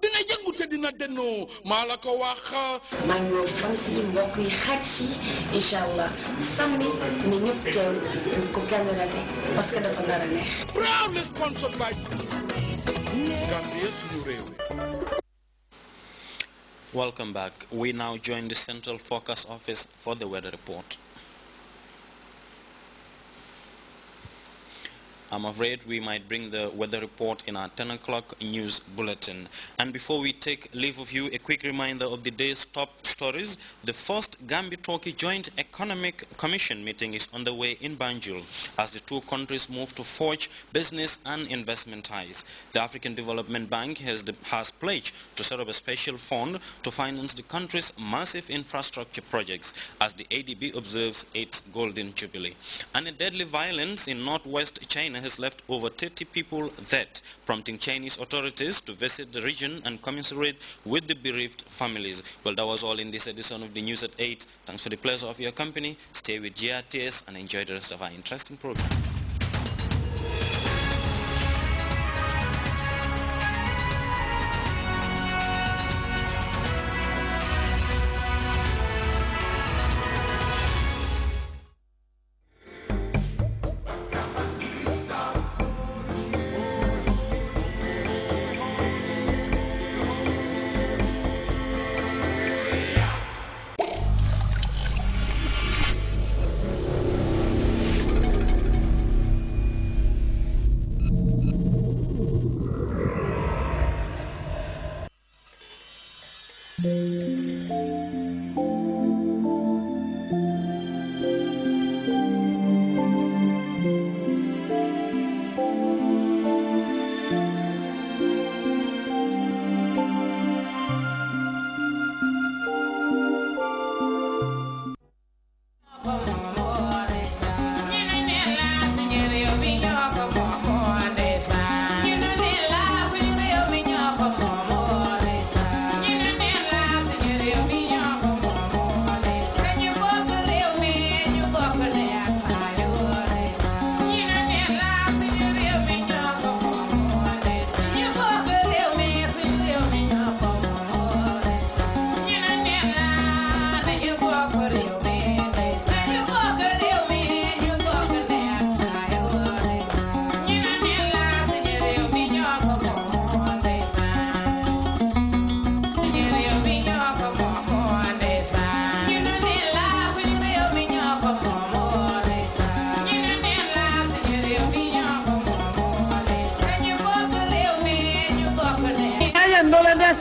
dina yëngu te dina dënnoo maa la ko wax. maa ngi woo fan mbokk yi xaaj si incha ni ñu ko kenn rate dafa nar a neex. proudly sponsored We now join the Central Focus Office for the weather report. I'm afraid we might bring the weather report in our 10 o'clock news bulletin. And before we take leave of you, a quick reminder of the day's top stories. The first Gambia-Turkey Joint Economic Commission meeting is underway in Banjul as the two countries move to forge business and investment ties. The African Development Bank has, the, has pledged to set up a special fund to finance the country's massive infrastructure projects as the ADB observes its golden jubilee. And a deadly violence in northwest China China has left over 30 people dead, prompting Chinese authorities to visit the region and commiserate with the bereaved families. Well, that was all in this edition of the News at 8. Thanks for the pleasure of your company. Stay with GRTS and enjoy the rest of our interesting programs.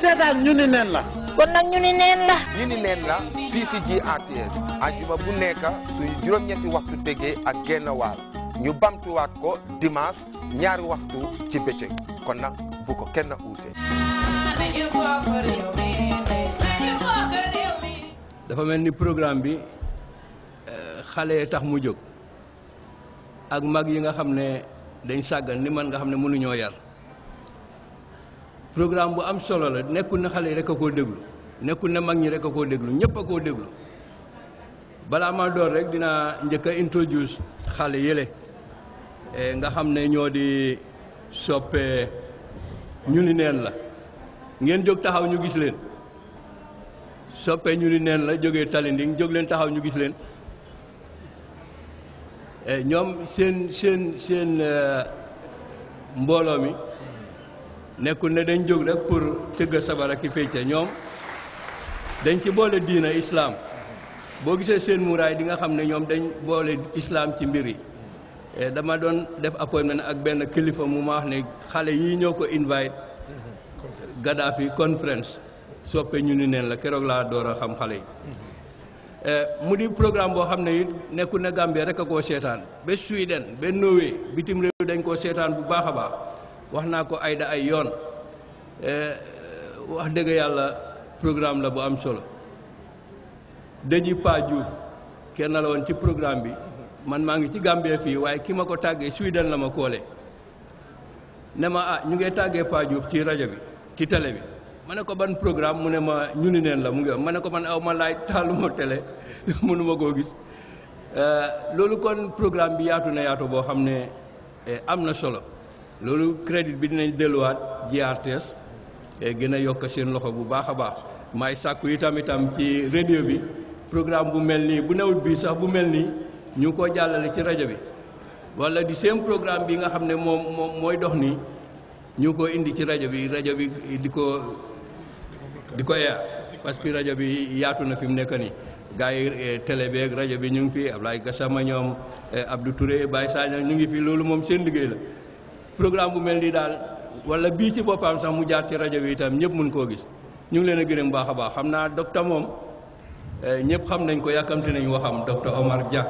seetaan ñu ni neen la kon nag ñu ni neen la fii si GRTS ajuma bu nekk suy juróom-ñetti waxtu tegee ak genn waal ñu bamtuwaat ko dimaas ñaari waxtu ci bëccëg kon nag bu ko kenn uute dafa mel ni programme bi euh, xale tax mu jóg ak mag yi nga xam ne dañ sàggan ni man nga xam ne mënuñoo yar programme bu am solo la nekkul na xale yi rek a koo déglu nekkul na mag ñi rekk koo déglu ñëpp koo déglu balaa ma door rek dina njëkk a introduce xale yële e, nga xam ne ñoo di soppe ñu ni neen la ngeen jóg taxaw ñu gis leen soppe ñu ni neen la jógee Talinding jóg leen taxaw ñu gis leen e, ñoom seen seen seen e, mbooloo mi nekkul ne dañ jóg rek pour tëgg sabar ak i fécce ñoom dañ ci boole diina islaam boo gisee seen muuraay di nga xam ne ñoom dañ boole islaam ci mbir yi eh, dama doon def appointment ak benn kilifa mu maax ne xale yii ñoo ko invite Gaddafi conference soppe ñu ni neen la keroog laa door a xam xale yi eh, mu di programme boo xam ne it nekkul ne Gambie rek a koo seetaan ba Suède ba Norvège bitim réew dañ koo seetaan bu baax a baax wax naa ko ay da ay yoon eh, wax dëgg yàlla programme la bu am solo Déthié Paa Diouf kenn la woon ci programme bi man maa ngi ci Gambie fii waaye ki ma ko tàggee Suède la ma koole ne ma ah ñu ngi tàggee Paa Diouf ci rajo bi ci télé bi ma ne ko ban programme mu ne ma ñu neen la mu ngi ma ne ko man aw ma laaj taaluma télé mënuma koo gis eh, loolu kon programme bi yaatu na yaatu boo xam ne eh, am na solo loolu crédit bi dinañ delluwaat GRTS eh, gën a yokk seen loxo bu baax a baax may sàkku itam itam ci radio bi programme bu mel nii bu newut bii sax bu mel nii ñu ko jàllale ci rajo bi walla di seen programme bi nga xam ne moom moom mooy dox nii ñu ko indi ci rajo bi rajo bi di ko di ko yaa parce que rajo bi yaatu na fi mu nekk nii gars yi eh, télé beeg rajo bi ñu ngi fi Ablaye Gassama ñoom eh, Abdou Touré Baye Sagna ñu ngi fi loolu moom seen liggéey la programme bu mel nii daal wala bii ci boppam sax mu jaar ci rajo bi itam ñëpp mun koo gis ñu ngi leen a gërëm baax a baax xam naa docteur moom eh, ñëpp xam nañ ko yàkkamti nañ waxam docteur Omar Dia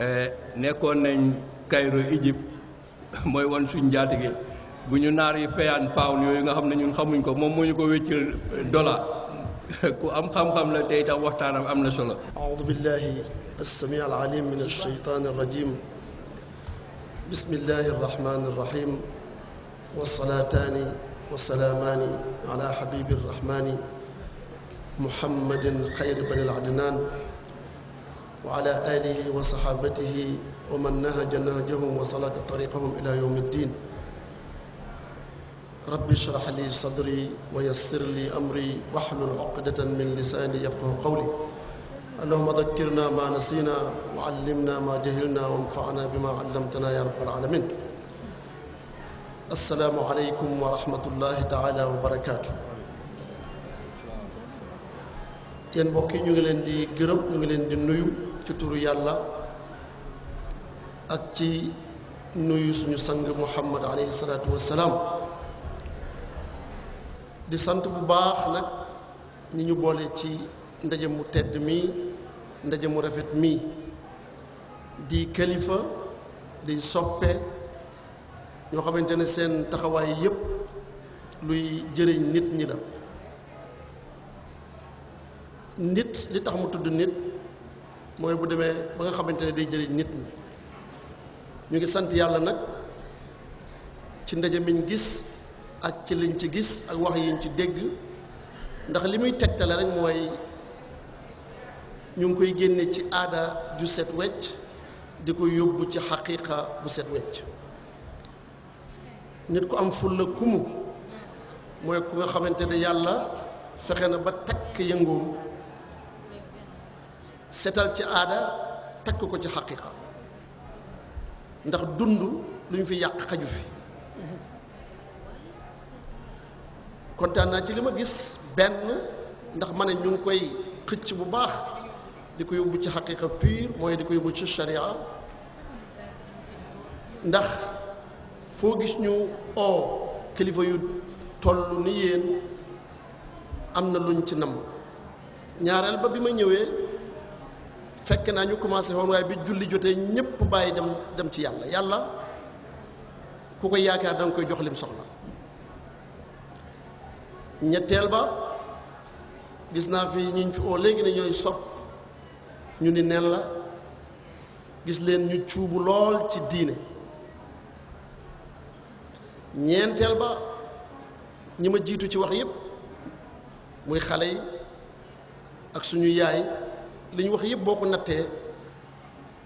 eh, nekkoon nañ Cairo Égypte mooy won suñ njaatige bu ñu naar yi fayaan pound yooyu nga xam ne ñun xamuñ ko moom moo ñu ko wéccil eh, dollar ku am xam-xam la tey tax waxtaanam am na solo. aoudu بسم الله الرحمن الرحيم والصلاتان والسلامان على حبيب الرحمن محمد خير بن العدنان وعلى آله وصحابته ومن نهج نهجهم وصلت طريقهم إلى يوم الدين رب اشرح لي صدري ويسر لي أمري واحلل عقدة من لساني يفقه قولي اللهم ذكرنا ما نسينا وعلمنا ما جهلنا وانفعنا بما علمتنا يا رب العالمين السلام عليكم ورحمة الله تعالى وبركاته yéen mbokk yi ñu ngi leen di gërëm ñu ngi leen di nuyu ci turu yàlla ak ci nuyu suñu sang muhammad alayhi salaatu wassalaam di sant bu baax nag ñi ñu boole ci ndaje mu tedd mii ndaje mu rafet mii di kilifa di soppe ñoo xamante ne seen taxawaay yépp luy jëriñ nit ñi la nit li tax mu tudd nit mooy bu demee ba nga xamante ne day jëriñ nit ñi ñu ngi sant yàlla nag ci ndaje miñ gis ak ci liñ ci gis ak wax yiñ ci dégg ndax li muy tegtale rek mooy ñu ngi koy génne ci aada ju set wecc di ko yóbbu ci xaqiiqa bu set wecc nit ku am fulla kumu mooy ku nga xamante ne yàlla fexe na ba takk yëngoom setal ci aada takk ko ci xaqiiqa ndax dund lu ñu fi yàq xaju fi kontaan naa ci li ma gis benn ndax ma ne ñu ngi koy xëcc bu baax di ko yóbbu ci xaqiqa pure mooy di ko yóbbu ci sharia ndax foo gis ñu oo kilifa yu toll ni yéen am na luñ ci namm ñaareel ba bi ma ñëwee fekk naa ñu commencé woon bi julli jotee ñëpp bàyyi dem dem ci yàlla yàlla ku koy yaakaar da koy jox lim soxla ñetteel ba gis naa fi ñu fi oo léegi ne ñooy sopp ñu ni nen la gis leen ñu cuubu lool ci diine ñeenteel ba ñi ma jiitu ci wax yépp muy xale yi ak suñu yaay li ñu wax yépp boo ko nattee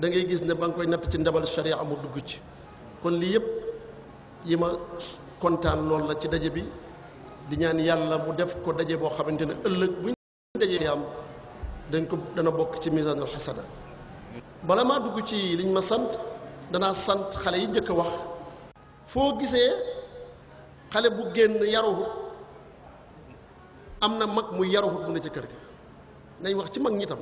dangay gis ne ba nga koy natt ci ndabal sharia mu dugg ci kon lii yépp yi ma kontaan lool la ci daje bi diñaan yàlla mu def ko daje boo xamante ne ëllëg bu ñu dajee am dañ ko dana bokk ci misanul xasana bala maa dugg ci liñ ma sant danaa sant xale yi njëkk a wax foo gisee xale bu génn yaruhut am na mag mu yaruhut bu ne ci kër gi nañ wax ci mag ñi tam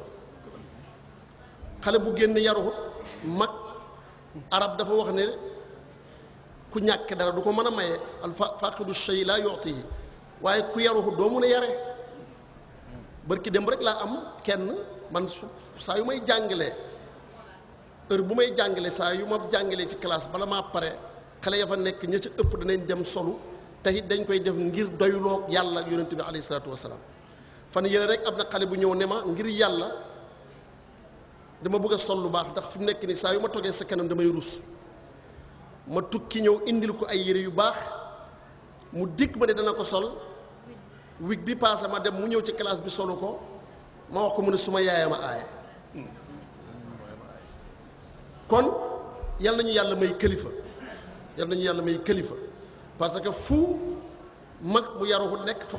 xale bu génn yaruhut mag arab dafa wax ne ku ñàkk dara du ko mën a maye al faqidu shay laa yu'tihi waaye ku yaruhut doo mun a yare bërki démb rek laa am kenn man su saa yu may jàngalee heure bu may jàngalee saa yu ma jàngalee ci classe bala maa pare xale ya fa nekk ña ci ëpp danañ dem solu te it dañ koy def ngir doyloo yàlla ak yonent bi alayhi salaatu wasalaam fan yële rek am na xale bu ñëw ne ma ngir yàlla dama bëgg a sol lu baax ndax fu mu nekk nii saa yu ma toggee sa kanam damay rus ma tukki ñëw indil ko ay yére yu baax mu dikk ma ne dana ko sol wig bi passé ma dem mu ñëw ci classe bi solo ko ma wax ko mu ne suma yaayam a kon yal nañu yàlla may kilifa yal nañu yàlla may kilifa parce que fu mag mu yaruxu nekk